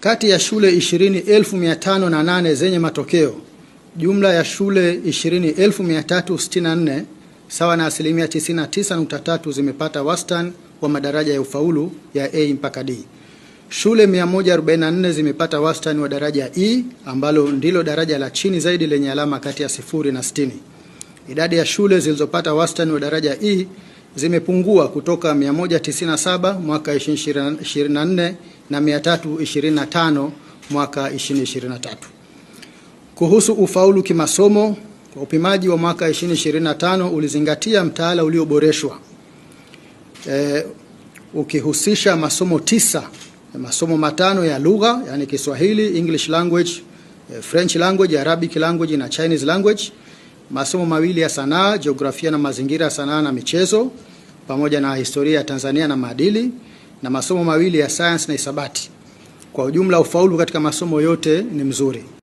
Kati ya shule 20,508 zenye matokeo, jumla ya shule 20,364 sawa na asilimia 99.3 zimepata wastani wa madaraja ya ufaulu ya A mpaka D. Shule 144 zimepata wastani wa daraja E ambalo ndilo daraja la chini zaidi lenye alama kati ya sifuri na 60. Idadi ya shule zilizopata wastani wa daraja E zimepungua kutoka 197 mwaka 2024 na 325 mwaka 2023. Kuhusu ufaulu kimasomo, kwa upimaji wa mwaka 2025 ulizingatia mtaala ulioboreshwa e, ukihusisha masomo tisa, masomo matano ya lugha, yani Kiswahili, English language, e, French language, Arabic language na Chinese language masomo mawili ya sanaa, jiografia na mazingira ya sanaa na michezo, pamoja na historia ya Tanzania na maadili, na masomo mawili ya sayansi na hisabati. Kwa ujumla, ufaulu katika masomo yote ni mzuri.